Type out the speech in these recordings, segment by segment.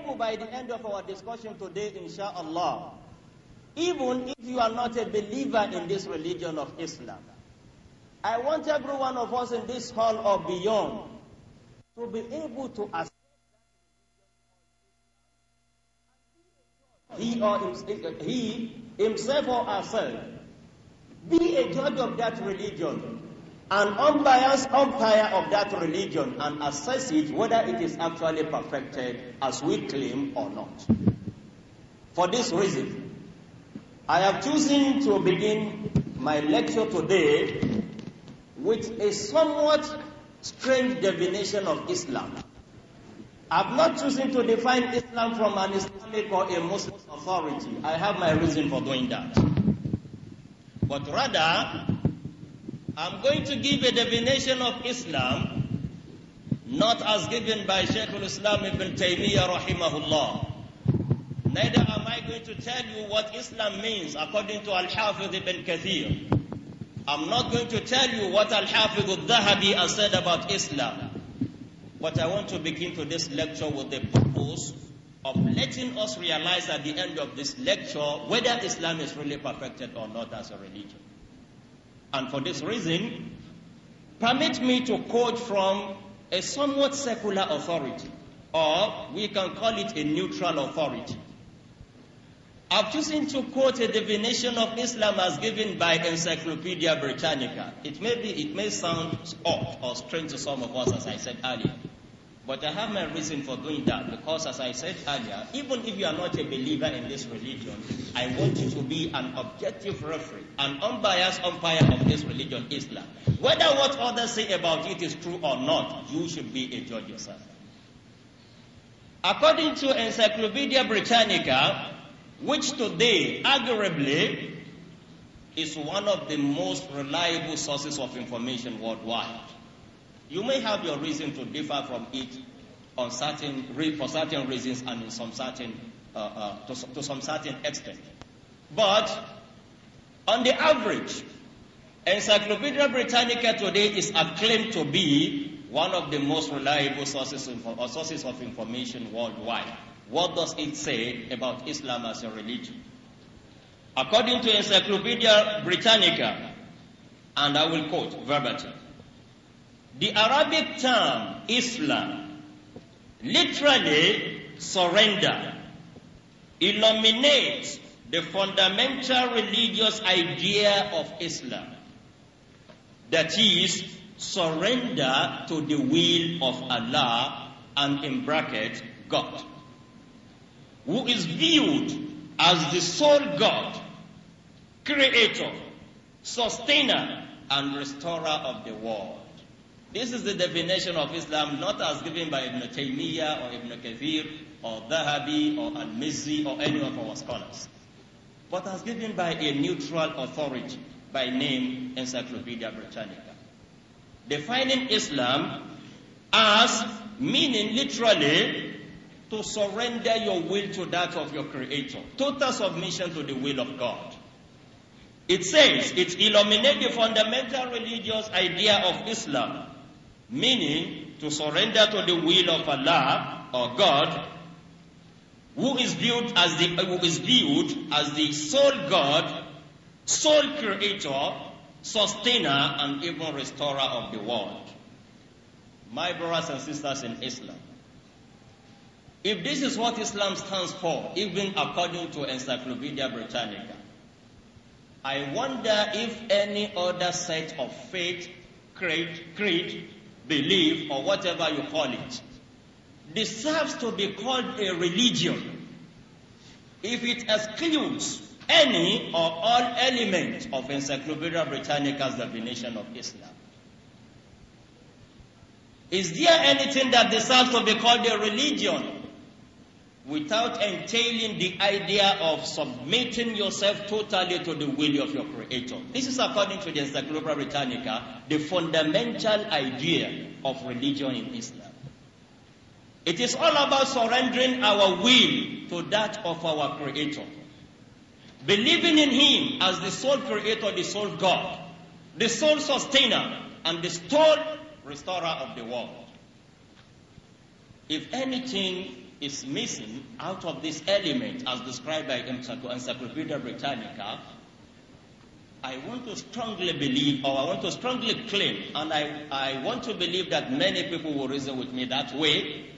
able by the end of our discussion today, insha'Allah, even if you are not a believer in this religion of Islam, I want every one of us in this hall or beyond to be able to accept he or himself, he himself or herself be a judge of that religion an unbiased umpire of that religion and assess it whether it is actually perfected as we claim or not. For this reason, I have chosen to begin my lecture today with a somewhat strange definition of Islam. I've not chosen to define Islam from an Islamic or a Muslim authority. I have my reason for doing that. But rather, I'm going to give a definition of Islam, not as given by Sheikh al-Islam ibn Taymiyyah rahimahullah. Neither am I going to tell you what Islam means according to Al-Hafiz ibn Kathir. I'm not going to tell you what Al-Hafiz al-Dhahabi has said about Islam. But I want to begin to this lecture with the purpose of letting us realize at the end of this lecture whether Islam is really perfected or not as a religion. And for this reason, permit me to quote from a somewhat secular authority, or we can call it a neutral authority. I've chosen to quote a definition of Islam as given by Encyclopedia Britannica. It may be, it may sound odd or strange to some of us, as I said earlier. But I have my reason for doing that because, as I said earlier, even if you are not a believer in this religion, I want you to be an objective referee, an unbiased umpire of this religion, Islam. Whether what others say about it is true or not, you should be a judge yourself. According to Encyclopedia Britannica, which today arguably is one of the most reliable sources of information worldwide. You may have your reason to differ from it on certain, for certain reasons and in some certain, uh, uh, to, to some certain extent. But on the average, Encyclopedia Britannica today is acclaimed to be one of the most reliable sources, or uh, sources of information worldwide. What does it say about Islam as a religion? According to Encyclopedia Britannica, and I will quote verbatim, the Arabic term Islam literally surrender illuminates the fundamental religious idea of Islam. That is, surrender to the will of Allah and in bracket, God, who is viewed as the sole God, creator, sustainer, and restorer of the world. This is the definition of Islam, not as given by Ibn Taymiyyah or Ibn Kathir or Dahabi or Al-Mizzi or any of our scholars, but as given by a neutral authority by name Encyclopedia Britannica. Defining Islam as meaning literally to surrender your will to that of your Creator, total submission to the will of God. It says it illuminates the fundamental religious idea of Islam meaning to surrender to the will of Allah or God, who is viewed as the, who is built as the sole God, sole creator, sustainer, and even restorer of the world. My brothers and sisters in Islam, if this is what Islam stands for, even according to Encyclopedia Britannica, I wonder if any other set of faith, creed, creed belief, or whatever you call it, deserves to be called a religion if it excludes any or all elements of Encyclopedia Britannica's definition of Islam. Is there anything that deserves to be called a religion without entailing the idea of submitting yourself totally to the will of your Creator. This is according to the Encyclopedia Britannica, the fundamental idea of religion in Islam. It is all about surrendering our will to that of our Creator. Believing in Him as the sole Creator, the sole God, the sole sustainer, and the sole restorer of the world. If anything is missing out of this element as described by Encyclopedia Britannica, I want to strongly believe, or I want to strongly claim, and I, I want to believe that many people will reason with me that way,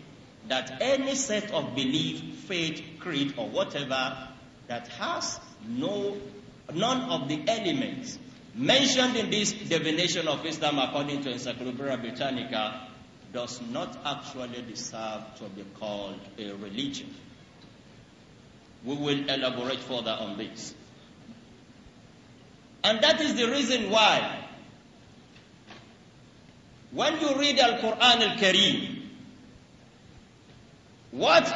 that any set of belief, faith, creed, or whatever that has no, none of the elements mentioned in this definition of Islam according to Encyclopedia Britannica does not actually deserve to be called a religion. We will elaborate further on this. And that is the reason why when you read Al-Quran Al-Kareem, what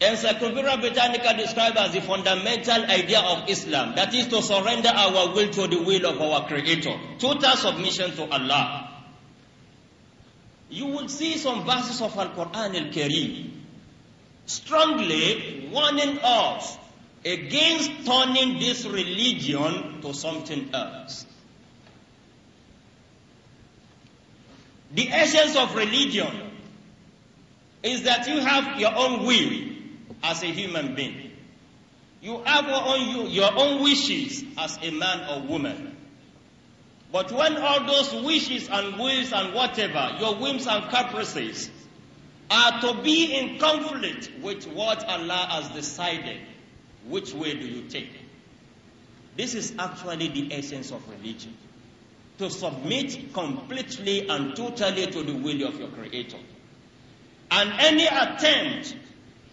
Encyclopedia Britannica describes as the fundamental idea of Islam, that is to surrender our will to the will of our Creator, total submission to Allah you will see some verses of Al-Quran Al-Karim strongly warning us against turning this religion to something else. The essence of religion is that you have your own will as a human being. You have your own, your own wishes as a man or woman. But when all those wishes and wills and whatever, your whims and caprices, are to be in conflict with what Allah has decided, which way do you take? This is actually the essence of religion. To submit completely and totally to the will of your Creator. And any attempt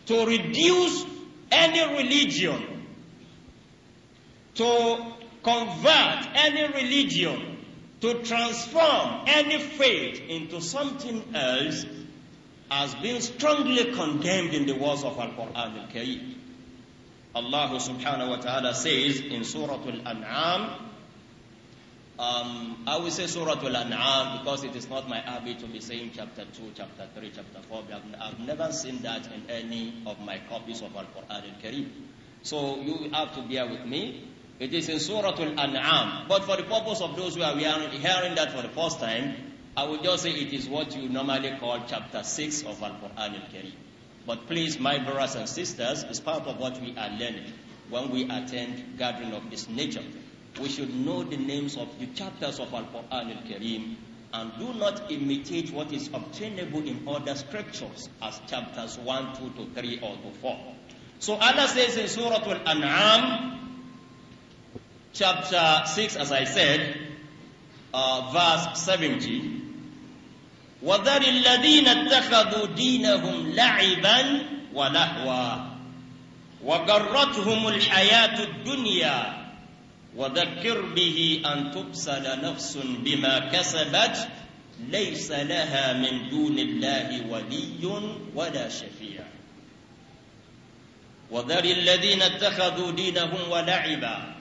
to reduce any religion to convert any religion, to transform any faith into something else, has been strongly condemned in the words of Al Quran al Kareem. Allah subhanahu wa ta'ala says in Surah Al An'am, um, I will say Surah Al An'am because it is not my habit to be saying chapter 2, chapter 3, chapter 4. I've, never seen that in any of my copies of Al Quran al Kareem. So you have to bear with me. It is in Surah Al-An'am. But for the purpose of those who are hearing that for the first time, I would just say it is what you normally call chapter 6 of Al-Quran Al-Karim. But please, my brothers and sisters, it's part of what we are learning when we attend gathering of this nature. We should know the names of the chapters of Al-Quran Al-Karim and do not imitate what is obtainable in other scriptures as chapters 1, 2 to 3 or to 4. So Allah says in Surah Al-An'am, chapter 6, as I said, uh, verse 70. وَذَرِ الَّذِينَ اتَّخَذُوا دِينَهُمْ لَعِبًا وَلَهْوًا وَغَرَّتْهُمُ الْحَيَاةُ الدُّنْيَا وَذَكِّرْ بِهِ أَن تُبْسَلَ نَفْسٌ بِمَا كَسَبَتْ لَيْسَ لَهَا مِن دُونِ اللَّهِ وَلِيٌّ وَلَا شَفِيعٌ وَذَرِ الَّذِينَ اتَّخَذُوا دِينَهُمْ وَلَعِبًا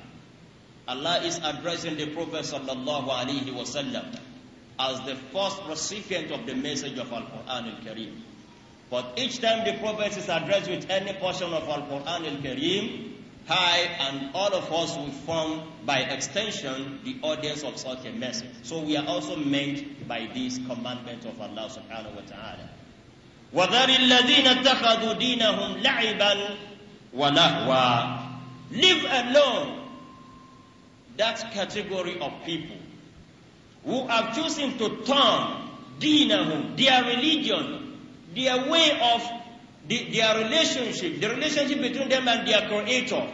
Allah is addressing the Prophet sallallahu alaihi wasallam as the first recipient of the message of Al-Quran al-Karim. But each time the Prophet is addressed with any portion of Al-Quran al-Karim, I and all of us will form, by extension, the audience of such a message. So we are also meant by this commandment of Allah subhanahu wa ta'ala. وَذَرِ الَّذِينَ اتَّخَذُوا دِينَهُمْ لَعِبًا وَلَهْوًا Leave alone that category of people who are choosing to turn dinahum, their religion, their way of the, their relationship, the relationship between them and their creator,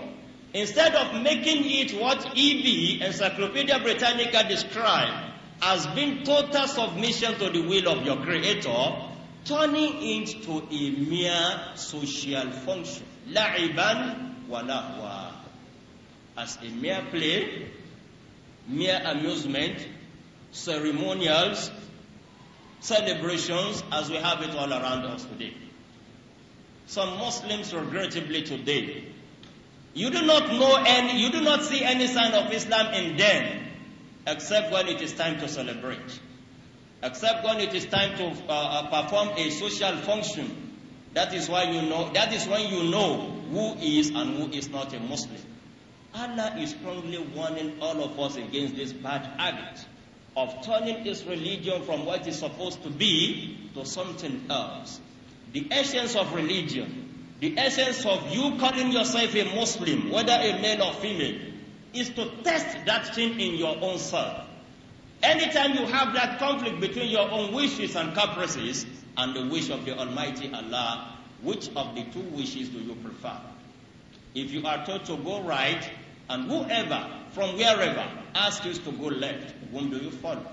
instead of making it what EB, Encyclopedia Britannica, described as being total submission to the will of your creator, turning it to a mere social function as a mere play, mere amusement, ceremonials, celebrations as we have it all around us today. Some Muslims regrettably today, you do not know any, you do not see any sign of Islam in them except when it is time to celebrate, except when it is time to uh, uh perform a social function. That is why you know, that is when you know who is and who is not a Muslim. Allah is strongly warning all of us against this bad habit of turning his religion from what it's supposed to be to something else. The essence of religion, the essence of you calling yourself a Muslim, whether a male or female, is to test that thing in your own self. Anytime you have that conflict between your own wishes and caprices and the wish of the Almighty Allah, which of the two wishes do you prefer? if you are told to go right, and whoever from wherever asks you to go left, whom do you follow?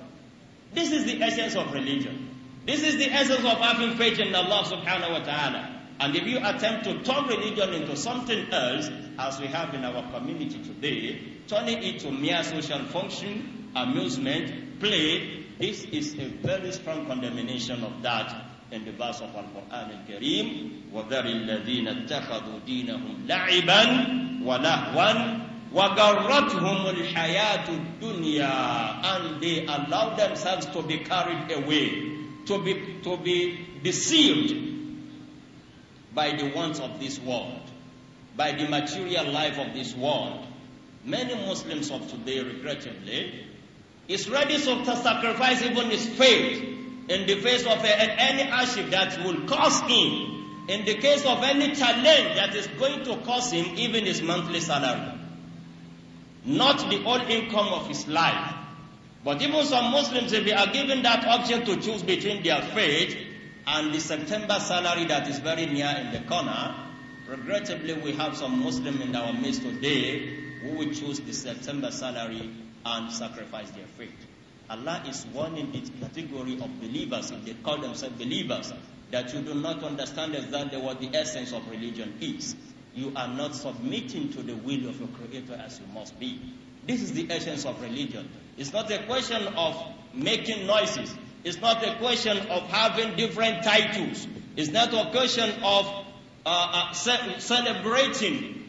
This is the essence of religion. This is the essence of having faith in Allah subhanahu wa ta'ala. And if you attempt to turn religion into something else, as we have in our community today, turning it to mere social function, amusement, play, this is a very strong condemnation of that in the verse of Al-Quran Al-Kareem, وَذَرِ الَّذِينَ اتَّخَذُوا دِينَهُمْ لَعِبًا وَلَهْوًا وَغَرَّتْهُمُ الْحَيَاةُ الدُّنْيَا And they allow themselves to be carried away, to be, to be deceived by the wants of this world, by the material life of this world. Many Muslims of today, regrettably, is ready to sacrifice even his faith in the face of a, any hardship that will cause him, in the case of any challenge that is going to cause him even his monthly salary, not the whole income of his life. But even some Muslims, if they are given that option to choose between their faith and the September salary that is very near in the corner, regrettably we have some Muslims in our midst today who will choose the September salary and sacrifice their faith. Allah is warning this category of believers, if they call themselves believers, that you do not understand exactly what the essence of religion is. You are not submitting to the will of your Creator as you must be. This is the essence of religion. It's not a question of making noises. It's not a question of having different titles. It's not a question of uh, uh, ce celebrating.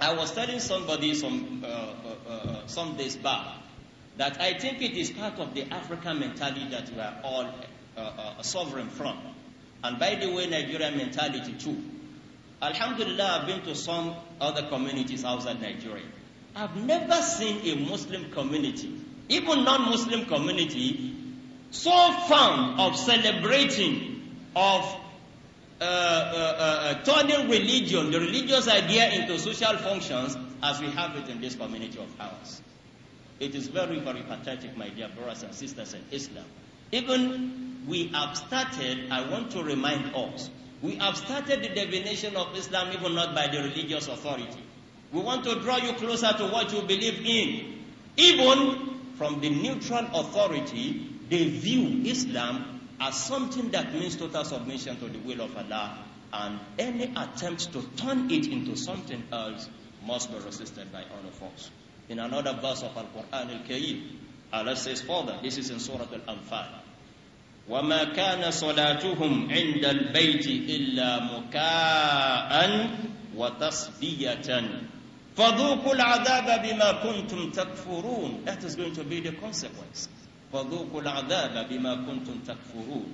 I was telling somebody some, uh, uh, uh some days back that I think it is part of the African mentality that we are all uh, uh, sovereign from. And by the way, Nigerian mentality too. Alhamdulillah, I've been to some other communities outside Nigeria. I've never seen a Muslim community, even non Muslim community, so fond of celebrating, of uh, uh, uh, uh, turning religion, the religious idea into social functions as we have it in this community of ours. It is very, very pathetic, my dear brothers and sisters in Islam. Even we have started, I want to remind us, we have started the divination of Islam even not by the religious authority. We want to draw you closer to what you believe in. Even from the neutral authority, they view Islam as something that means total submission to the will of Allah, and any attempt to turn it into something else must be resisted by all of us. in another verse of Al-Quran Al-Kareem. Allah says further, this is in Surah Al-Anfal. وَمَا كَانَ صَلَاتُهُمْ عِنْدَ الْبَيْتِ إِلَّا مُكَاءً وَتَصْدِيَةً فَظُوُوكُ الْعَذَابَ بِمَا كُنْتُمْ تَكْفُرُونَ That is going to be the consequence. فَذُوقُوا الْعَذَابَ بِمَا كُنْتُمْ تَكْفُرُونَ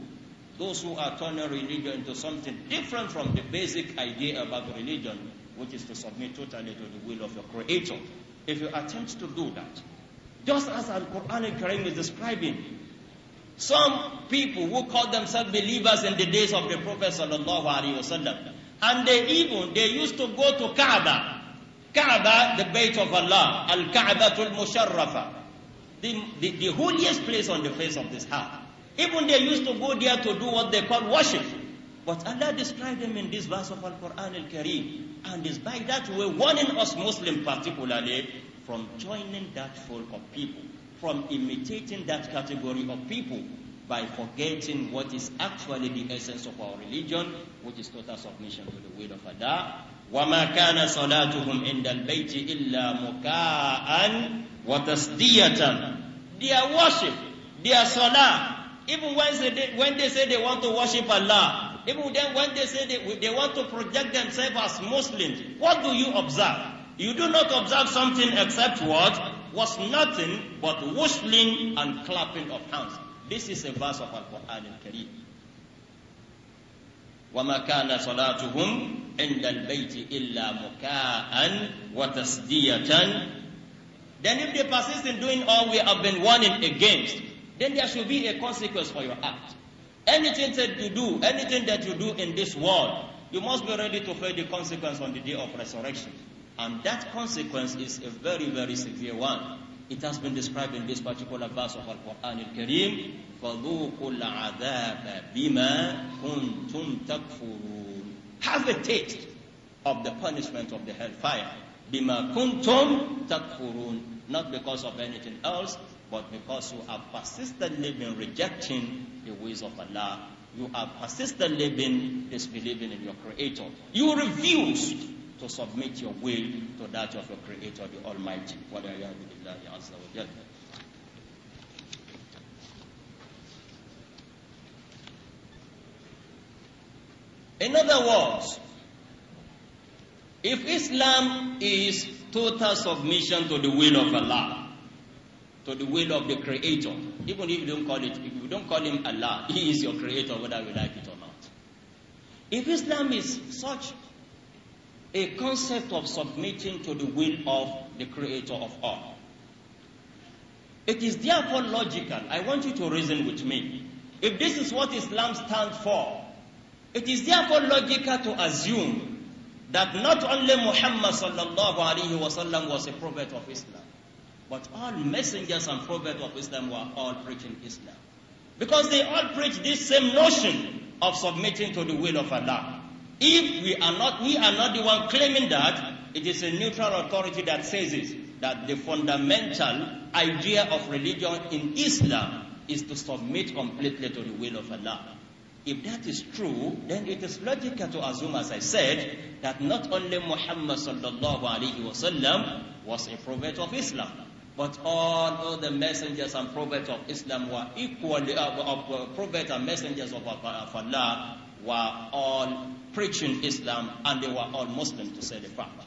Those who are turning religion into something different from the basic idea about religion, which is to submit totally to the will of your Creator if you attempt to do that. Just as Al Quran Karim is describing, some people who call themselves believers in the days of the Prophet sallallahu alaihi wasallam, and they even they used to go to Kaaba, Kaaba, the Bayt of Allah, Al Kaaba al Musharrafa, the, the holiest place on the face of this earth. Even they used to go there to do what they call worship. But Allah described them in this verse of Al-Quran Al-Kareem and is by that way warning us Muslims particularly from joining that folk of people, from imitating that category of people by forgetting what is actually the essence of our religion, which is total submission to the will of Allah. وَمَا كَانَ صَلَاتُهُمْ عِنْدَ الْبَيْتِ إِلَّا مُكَاءً وَتَسْدِيَةً Their worship, their salah, even when they, when they say they want to worship Allah, even then, when they say they, they want to project themselves as Muslims, what do you observe? You do not observe something except what? Was nothing but whistling and clapping of hands. This is a verse of Al-Quran al-Kareem. وما كان صلاتهم عند البيت إلا مكاء وتصدية Then if they persist in doing all we have been warning against, then there should be a consequence for your act. Anything that you do, anything that you do in this world, you must be ready to face the consequence on the day of resurrection. And that consequence is a very, very severe one. It has been described in this particular verse of Al-Quran Al-Kareem, فَذُوقُوا الْعَذَابَ Have a taste of the punishment of the hellfire. بِمَا كُنْتُمْ Not because of anything else, But because you have persistently been rejecting the ways of Allah, you have persistently been disbelieving in your Creator. You refused to submit your will to that of your Creator, the Almighty. In other words, if Islam is total submission to the will of Allah, to the will of the Creator. Even if you don't call it, if you don't call Him Allah, He is your Creator, whether you like it or not. If Islam is such a concept of submitting to the will of the Creator of all, it is therefore logical. I want you to reason with me. If this is what Islam stands for, it is therefore logical to assume that not only Muhammad sallallahu alaihi wasallam was a prophet of Islam, But all messengers and prophets of Islam were all preaching Islam. Because they all preach this same notion of submitting to the will of Allah. If we are not, we are not the one claiming that, it is a neutral authority that says it, that the fundamental idea of religion in Islam is to submit completely to the will of Allah. If that is true, then it is logical to assume, as I said, that not only Muhammad sallallahu alaihi wasallam was a prophet of Islam, but all, the messengers and prophets of Islam were equally, uh, uh, prophets and messengers of, of Allah were all preaching Islam and they were all Muslims to say the proper.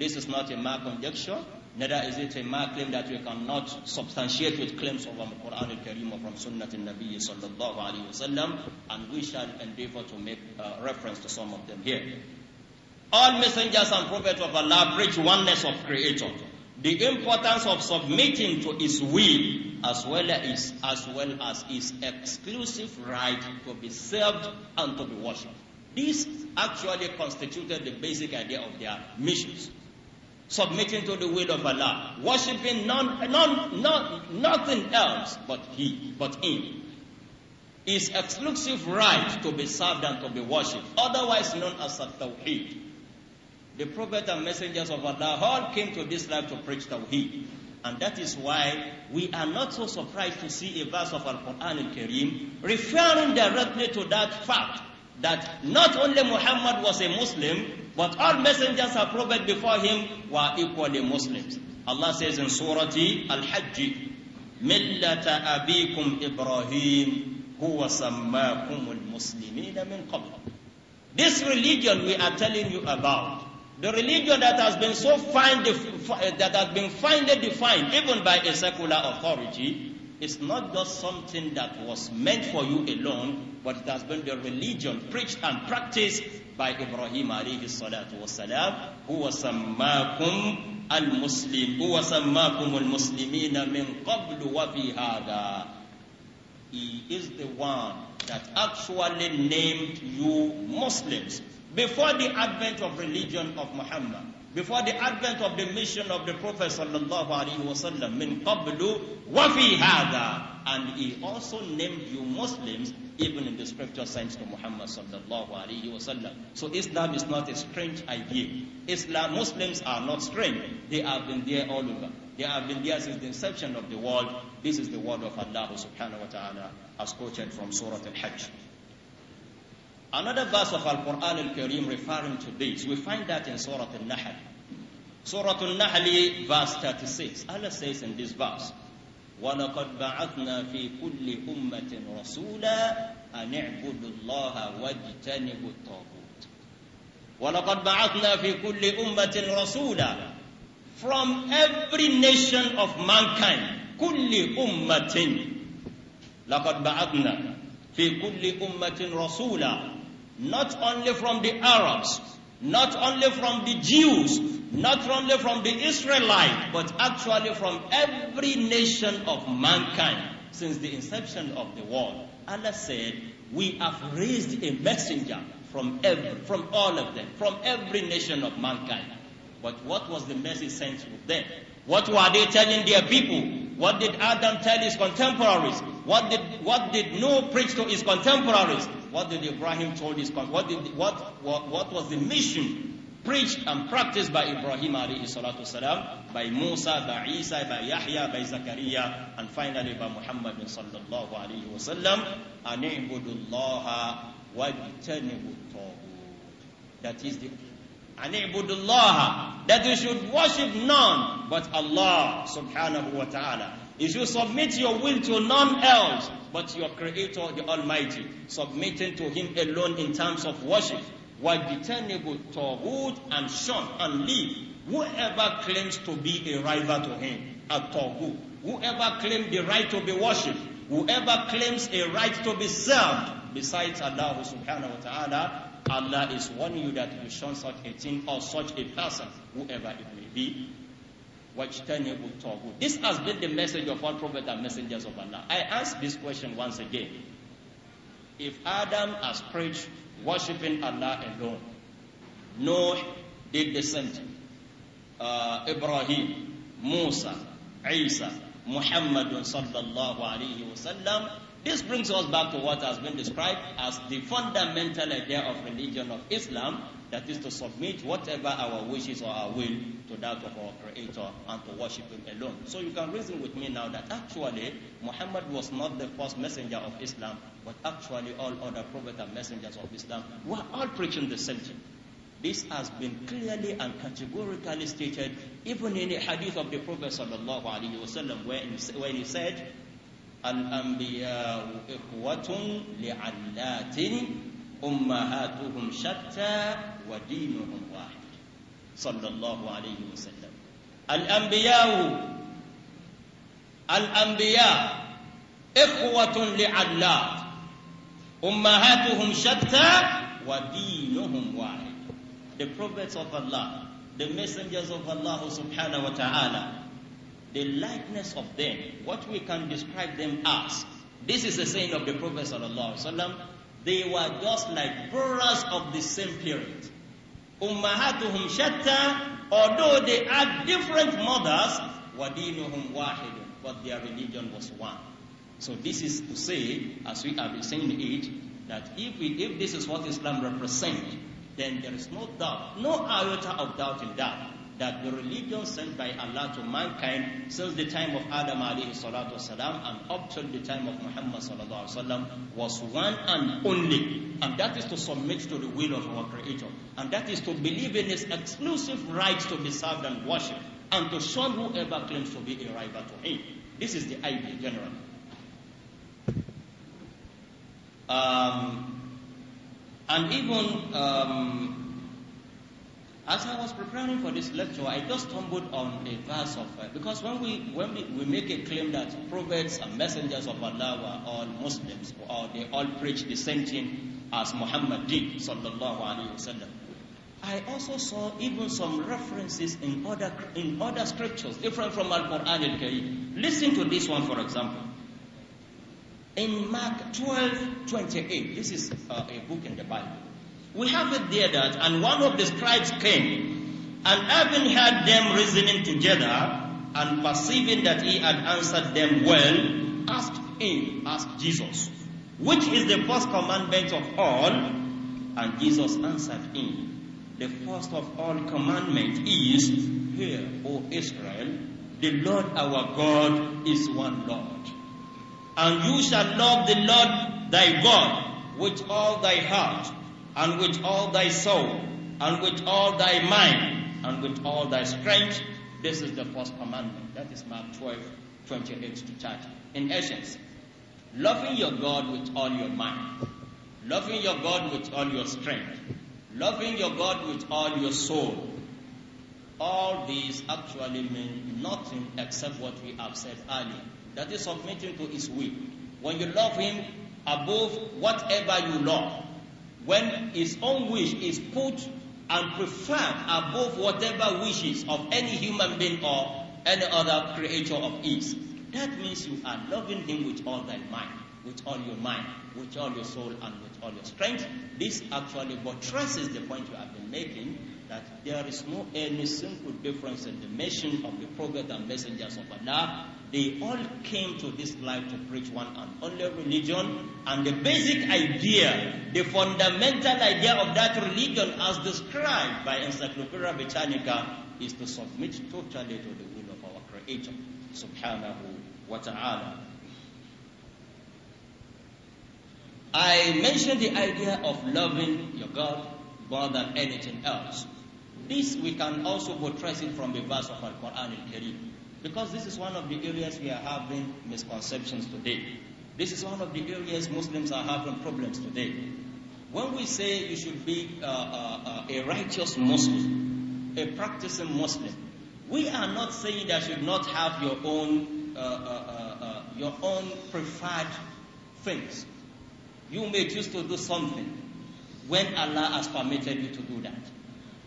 This is not a mere conjecture, neither is it a mere claim that we cannot substantiate with claims of the Quran al Karim or from Sunnah al Nabi sallallahu alayhi wasallam, and we shall endeavor to make uh, reference to some of them here. All messengers and prophets of Allah preach oneness of Creator the importance of submitting to his will as well as as well as his exclusive right to be served and to be worshipped. This actually constituted the basic idea of their missions. Submitting to the will of Allah, worshipping none, none, none, nothing else but He, but Him. His exclusive right to be served and to be worshipped, otherwise known as a tawheed. The prophet and messengers of Allah all came to this life to preach Tawheed. And that is why we are not so surprised to see a verse of Al-Quran al-Karim referring directly to that fact that not only Muhammad was a Muslim, but all messengers and prophets before him were equally Muslims. Allah says in Surah Al-Hajj, مِلَّةَ Ibrahim, huwa هُوَ al-Muslimin min qabla." This religion we are telling you about The religion that has been so fine that has been finely defined, even by a secular authority, is not just something that was meant for you alone, but it has been the religion preached and practiced by Ibrahim alayhi salatu wasalam, who was sammakum al-Muslim, who was sammakum al-Muslimina min qablu wa fi hada. He is the one that actually named you Muslims Before the advent of religion of Muhammad, before the advent of the mission of the Prophet sallallahu alaihi wasallam, min qablu wa fi hada, and he also named you Muslims even in the scripture signs to Muhammad sallallahu alaihi wasallam. So Islam is not a strange idea. Islam Muslims are not strange. They have been there all over. They have been there since the inception of the world. This is the word of Allah subhanahu wa ta'ala as quoted from Surah Al-Hajj. Another verse of Al-Quran al Kareem referring to this, we find that in Surah Al-Nahl. Surah Al-Nahl, verse 36. Allah says in this verse, وَلَقَدْ بَعَثْنَا فِي كُلِّ أُمَّةٍ رَسُولًا أَنِ اعْبُدُوا اللَّهَ وَاجْتَنِبُوا الطَّاغُوتَ وَلَقَدْ بَعَثْنَا فِي كُلِّ أُمَّةٍ رَسُولًا From every nation of mankind, كُلِّ أُمَّةٍ لَقَدْ بَعَثْنَا فِي كُلِّ أُمَّةٍ رَسُولًا not only from the Arabs, not only from the Jews, not only from the Israelites, but actually from every nation of mankind since the inception of the world. Allah said, We have raised a messenger from every, from all of them, from every nation of mankind. But what was the message sent to them? What were they telling their people? What did Adam tell his contemporaries? What did, what did Noah preach to his contemporaries? What did Ibrahim told his what, did, what, what, what was the mission preached and practiced by Ibrahim alayhi salatu salam, by Musa, by Isa, by Yahya, by Zakaria, and finally by Muhammad sallallahu alayhi wa sallam, ani'budullaha wajtanibu tawud. That is the ani'budullaha, that you should worship none but Allah subhanahu wa ta'ala. If you submit your will to none else but your Creator, the Almighty, submitting to Him alone in terms of worship, وَاجْتَنِبُوا الطَّاغُوتَ and shun and leave whoever claims to be a rival to Him, a طَاغُوت. Whoever claims the right to be worshipped, whoever claims a right to be served, besides Allah subhanahu wa ta'ala, Allah is warning you that you shun such a thing or such a person, whoever it may be wajtanibu taghut. This has been the message of all prophets and messengers of Allah. I ask this question once again. If Adam has preached worshiping Allah alone, Noah did the same thing. Uh, Ibrahim, Musa, Isa, Muhammad sallallahu alayhi wasallam. This brings us back to what has been described as the fundamental idea of religion of Islam, That is to submit whatever our wishes or our will to that of our Creator and to worship Him alone. So you can reason with me now that actually Muhammad was not the first messenger of Islam, but actually all other prophets and messengers of Islam were all preaching the same thing. This has been clearly and categorically stated even in the hadith of the Prophet sallallahu alaihi wasallam when he said, "Al-anbiya ikhwatun li'allatin ummahatuhum shatta ودينهم واحد صلى الله عليه وسلم الأنبياء الأنبياء إخوة أمهاتهم شتى ودينهم واحد The prophets of Allah, the messengers of Allah subhanahu wa ta'ala, the likeness of them, what we can describe them as. This is the saying of the Prophet sallallahu alaihi wasallam. They were just like brothers of the same period. ummahatuhum shatta, although they had different mothers, wadinuhum wahid, but their religion was one. So this is to say, as we have been saying it, that if we, if this is what Islam represents, then there is no doubt, no iota of doubt in that that the religion sent by Allah to mankind since the time of Adam alayhi salatu salam and up till the time of Muhammad sallallahu alayhi was one and only. And that is to submit to the will of our Creator. And that is to believe in His exclusive right to be served and worshipped and to shun whoever claims to be a rival to Him. This is the idea generally. Um, and even um, as I was preparing for this lecture, I just stumbled on a verse of uh, because when we when we, we make a claim that prophets and messengers of Allah were all Muslims or they all preach the same thing as Muhammad did, sallallahu alaihi wasallam. I also saw even some references in other in other scriptures different from Al Quran al Kareem. Listen to this one, for example. In Mark 12:28, this is uh, a book in the Bible. We have it there that, and one of the scribes came, and having heard them reasoning together, and perceiving that he had answered them well, asked him, asked Jesus, which is the first commandment of all? And Jesus answered him, the first of all commandment is, Hear, O Israel, the Lord our God is one Lord. And you shall love the Lord thy God with all thy heart, and with all thy soul, and with all thy mind, and with all thy strength. This is the first commandment. That is Mark 12, 28 to 30. In essence, loving your God with all your mind, loving your God with all your strength, loving your God with all your soul. All these actually mean nothing except what we have said earlier. That is submitting to His will. When you love Him above whatever you love, when his own wish is put and preferred above whatever wishes of any human being or any other creature of his. That means you are loving him with all thy mind, with all your mind, with all your soul, and with all your strength. This actually buttresses the point you have been making that there is no any simple difference in the mission of the prophet and messengers of Allah. They all came to this life to preach one and only religion, and the basic idea, the fundamental idea of that religion as described by Encyclopedia Britannica is to submit totally to the will of our Creator, subhanahu wa ta'ala. I mentioned the idea of loving your God more than anything else. This we can also go it from the verse of Al-Quran al-Karim. Because this is one of the areas we are having misconceptions today. This is one of the areas Muslims are having problems today. When we say you should be uh, uh, uh, a righteous Muslim, a practicing Muslim, we are not saying that you should not have your own, uh, uh, uh, your own preferred things. You may choose to do something when Allah has permitted you to do that.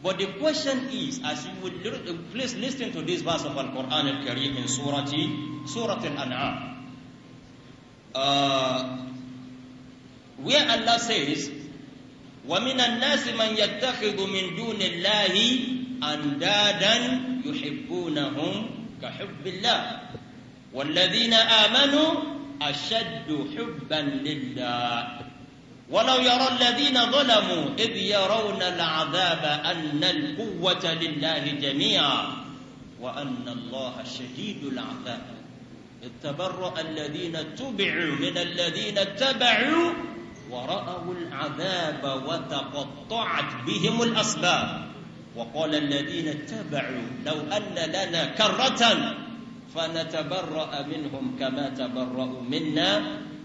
But the question is, as you would please listen to this verse of Al-Quran Al-Karim in Surah Surah Al-An'am, uh, where Allah says, وَمِنَ النَّاسِ مَنْ يَتَّخِذُ مِنْ دُونِ اللَّهِ أَنْدَادًا يُحِبُّونَهُمْ كَحُبِّ اللَّهِ وَالَّذِينَ آمَنُوا أَشَدُّ حُبًّا لِلَّهِ ولو يرى الذين ظلموا إذ يرون العذاب أن القوة لله جميعا وأن الله شديد العذاب إذ تبرأ الذين تبعوا من الذين اتبعوا ورأوا العذاب وتقطعت بهم الأسباب وقال الذين اتبعوا لو أن لنا كرة فنتبرأ منهم كما تبرأوا منا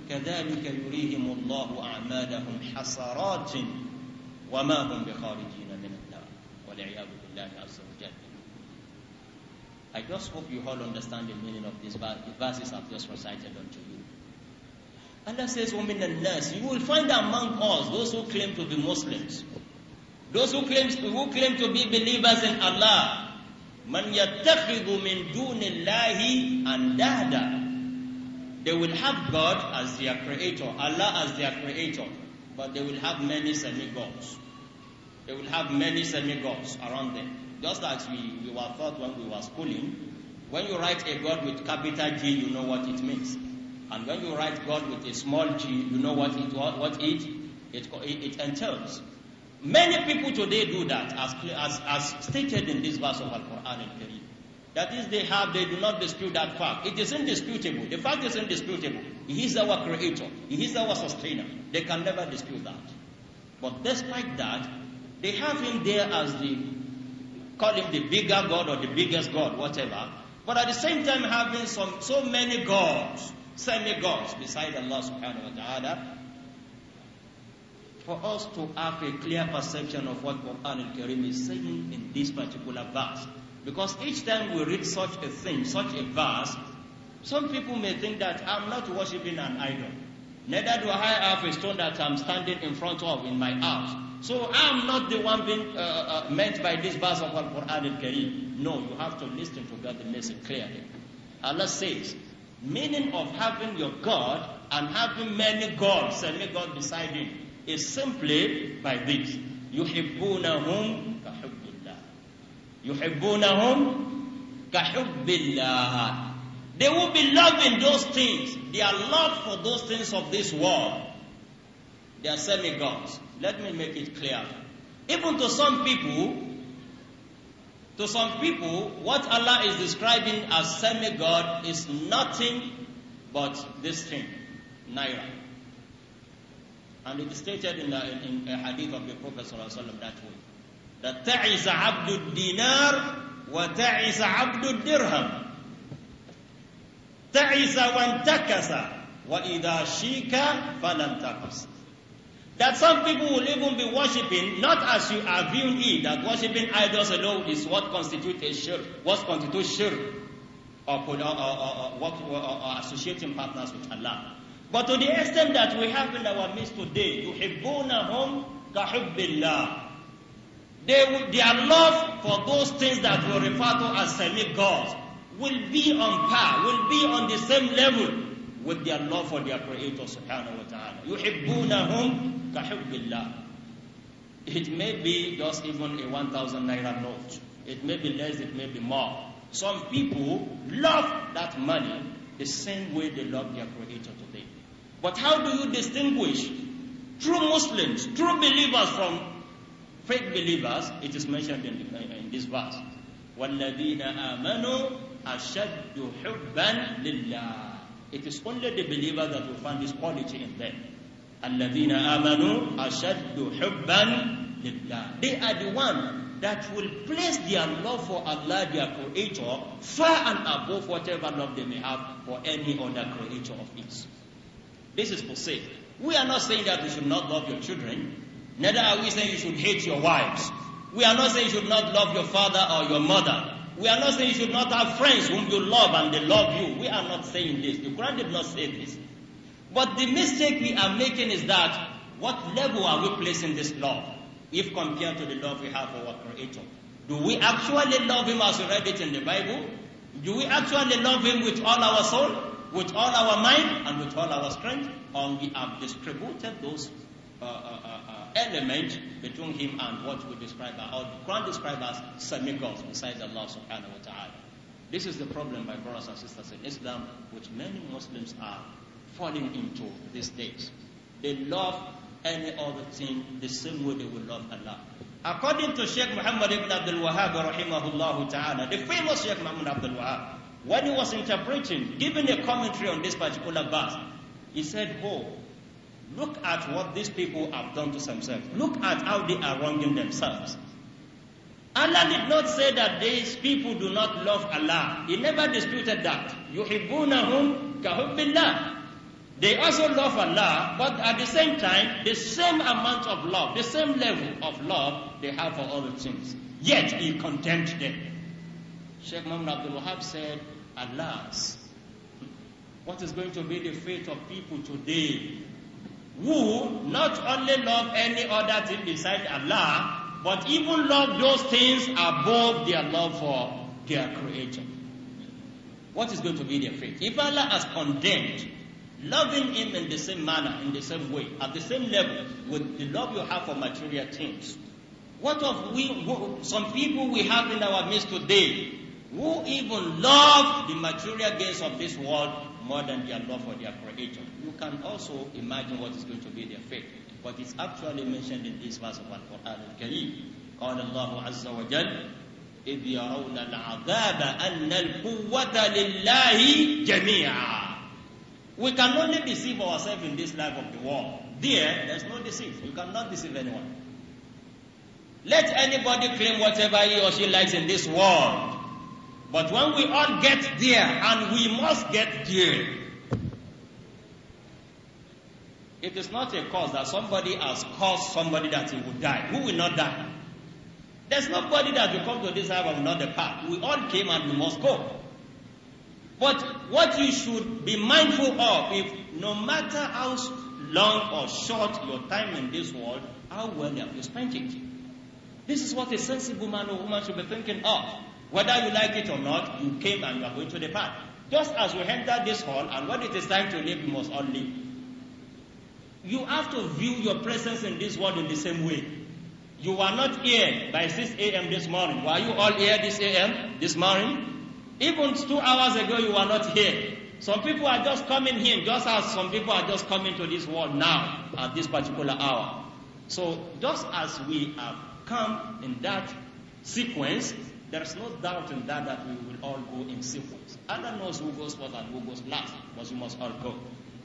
كذلك يريهم الله أعمالهم حسرات وما هم بخارجين من النار والعياذ بالله عز وجل I just hope you all understand the meaning of these verses I've just recited unto you. Allah says, Women and nurse, you will find among us those who claim to be Muslims, those who claim to, who claim to be believers in Allah, من يتخذ من دون الله أندادا They will have God as their creator, Allah as their creator, but they will have many semi-gods. They will have many semi-gods around them. Just as we, we were taught when we were schooling, when you write a God with capital G, you know what it means. And when you write God with a small g, you know what it, what, what it, it, it entails. Many people today do that, as, as, as stated in this verse of Al Quran and Kareem. That is, they have, they do not dispute that fact. It is indisputable. The fact is indisputable. He is our creator. He is our sustainer. They can never dispute that. But despite that, they have him there as the, call him the bigger God or the biggest God, whatever. But at the same time, having some, so many gods, semi-gods beside Allah subhanahu wa ta'ala, for us to have a clear perception of what Quran al-Karim is saying in this particular verse. Because each time we read such a thing, such a verse, some people may think that I'm not worshiping an idol. Neither do I have a stone that I'm standing in front of in my house. So I'm not the one being uh, uh, uh meant by this verse of Al Quran al Kareem. No, you have to listen to God the message clearly. Allah says, meaning of having your God and having many gods, and many gods beside him, is simply by this. يُحِبُّونَهُمْ Yuhibbunahum kahubbillah. They will be loving those things. They are loved for those things of this world. They are semi-gods. Let me make it clear. Even to some people, to some people, what Allah is describing as semi-god is nothing but this thing, naira. And it is stated in, the, in, in a hadith of the Prophet that way. تعس عبد الدينار وتعس عبد الدرهم تعس وانتكس وإذا شيك فلا انتقص That some people will even be worshipping, not as you are viewing it, that worshipping idols alone is what constitutes a shirk, what constitutes shirk, or, or, or, or, what, or, or associating partners with Allah. But to the extent that we have in our midst today, يُحِبُّونَهُمْ كَحُبِّ اللَّهِ They, their love for those things that we refer to as semi-gods will be on par, will be on the same level with their love for their Creator subhanahu wa ta'ala. يُحِبُّونَهُمْ كَحُبِّ اللَّهِ It may be just even a 1,000 naira note. It may be less, it may be more. Some people love that money the same way they love their Creator today. But how do you distinguish true Muslims, true believers from Faith believers, it is mentioned in, in this verse. وَالَّذِينَ آمَنُوا أَشَدُّ حُبًّا لِلَّهِ It is only the believer that will find this quality in them. الَّذِينَ آمَنُوا أَشَدُّ حُبًّا لِلَّهِ They are the one that will place their love for Allah, their creator, far and above whatever love they may have for any other creator of his. This is for sake. We are not saying that we should not love your children. Neither are we saying you should hate your wives. We are not saying you should not love your father or your mother. We are not saying you should not have friends whom you love and they love you. We are not saying this. The Quran did not say this. But the mistake we are making is that what level are we placing this love if compared to the love we have for our Creator? Do we actually love Him as we read it in the Bible? Do we actually love Him with all our soul, with all our mind, and with all our strength? Or we have distributed those uh, uh, uh, uh, element between him and what we describe as, or Quran describes as semi-gods besides Allah subhanahu wa ta'ala. This is the problem, my brothers and sisters in Islam, which many Muslims are falling into these days. They love any other thing the same way they love Allah. According to Sheikh Muhammad ibn Abdul Wahab, rahimahullah ta'ala, the famous Sheikh Muhammad Abdul Wahab, when he was interpreting, giving a commentary on this particular verse, he said, Oh, Look at what these people have done to themselves. Look at how they are wronging themselves. Allah did not say that these people do not love Allah. He never disputed that. يُحِبُّونَهُمْ كَحُبِّ اللَّهِ They also love Allah, but at the same time, the same amount of love, the same level of love they have for other things. Yet He condemned them. Sheikh Muhammad Abdul Wahab said, Alas, what is going to be the fate of people today who not only love any other thing beside Allah, but even love those things above their love for their Creator. What is going to be their fate? If Allah has condemned loving Him in the same manner, in the same way, at the same level, with the love you have for material things, what of we, some people we have in our midst today who even love the material gains of this world more than their love for their creator. You can also imagine what is going to be their fate. But it's actually mentioned in this verse of Al-Quran al-Kareem. قال الله عز وجل إذ يرون العذاب أن القوة لله جميعا We can only deceive ourselves in this life of the world. There, there's no deceit. You cannot deceive anyone. Let anybody claim whatever he or she likes in this world. But when we all get there, and we must get there, it is not a cause that somebody has caused somebody that he would die. Who will not die? There's nobody that will come to this hour and not the path. We all came and we must go. But what you should be mindful of, if no matter how long or short your time in this world, how well have you spent it? This is what a sensible man or woman should be thinking of. Whether you like it or not, you came and you are going to depart. Just as you enter this hall and when it is time to leave, you must all leave. You have to view your presence in this world in the same way. You were not here by 6 a.m. this morning. Were you all here this a.m. this morning? Even two hours ago, you were not here. Some people are just coming here, just as some people are just coming to this world now at this particular hour. So, just as we have come in that sequence, There is no doubt in that that we will all go in sequence. Allah knows who goes first and who goes last, but we must all go.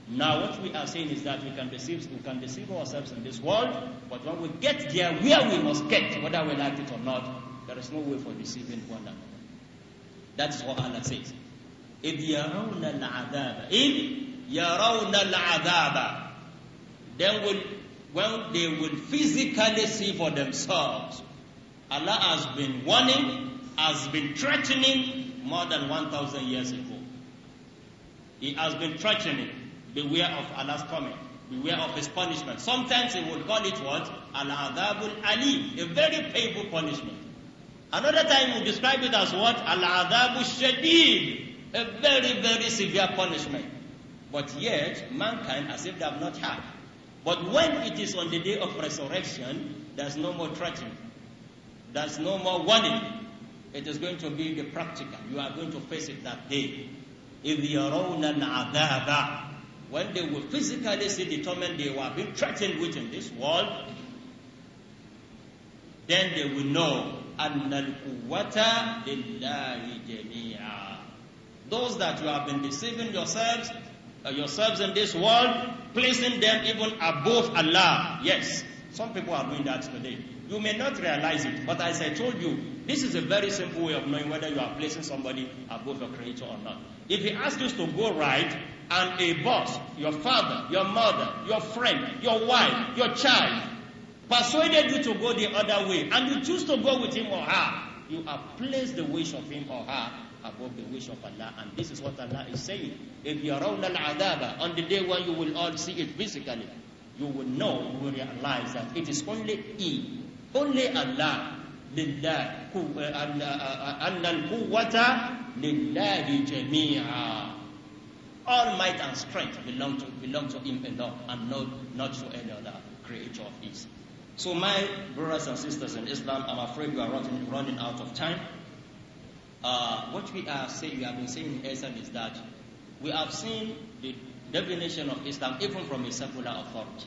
Now, what we are saying is that we can deceive, we can deceive ourselves in this world, but when we get there, where we must get, whether we like it or not, there is no way for deceiving one another. That is what Allah says. if يرون are on the العذاب Then will, when they will physically see for themselves, Allah has been warning has been threatening more than 1,000 years ago. He has been threatening, beware of Allah's coming, beware of his punishment. Sometimes he would call it what? Al-Adabul Ali, a very painful punishment. Another time he would describe it as what? Al-Adabul Shadid, a very, very severe punishment. But yet, mankind, as if they have not had. But when it is on the day of resurrection, there's no more threatening. There's no more warning. It is going to be the practical. You are going to face it that day. If yarawna al-adaba. When they will physically see the torment they were being threatened with in this world, then they will know أن القوة لله جميعا. Those that you have been deceiving yourselves, uh, yourselves in this world, placing them even above Allah. Yes, some people are doing that today. You may not realize it, but as I told you, this is a very simple way of knowing whether you are placing somebody above your creator or not. If he asks you to go right, and a boss, your father, your mother, your friend, your wife, your child, persuaded you to go the other way, and you choose to go with him or her, you have placed the wish of him or her above the wish of Allah. And this is what Allah is saying. If you are al adaba, on the day when you will all see it physically, you will know, you will realize that it is only He only Allah lillah eh, annal eh, quwwata lillahi jami'a all might and strength belong to belong to him alone and not not to any other creator of his so my brothers and sisters in islam i'm afraid we are running, running out of time uh, what we are saying we have been saying in Islam is that we have seen the definition of islam even from a secular authority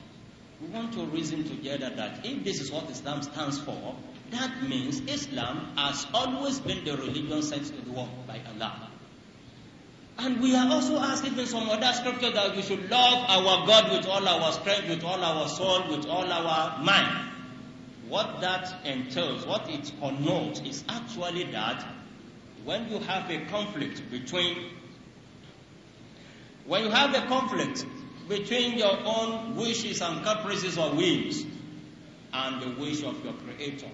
we want to reason together that if this is what Islam stands for, that means Islam has always been the religion sent to the world by Allah. And we are also asked in some other scripture that we should love our God with all our strength, with all our soul, with all our mind. What that entails, what it connotes, is actually that when you have a conflict between, when you have a conflict between your own wishes and caprices or whims and the wish of your Creator.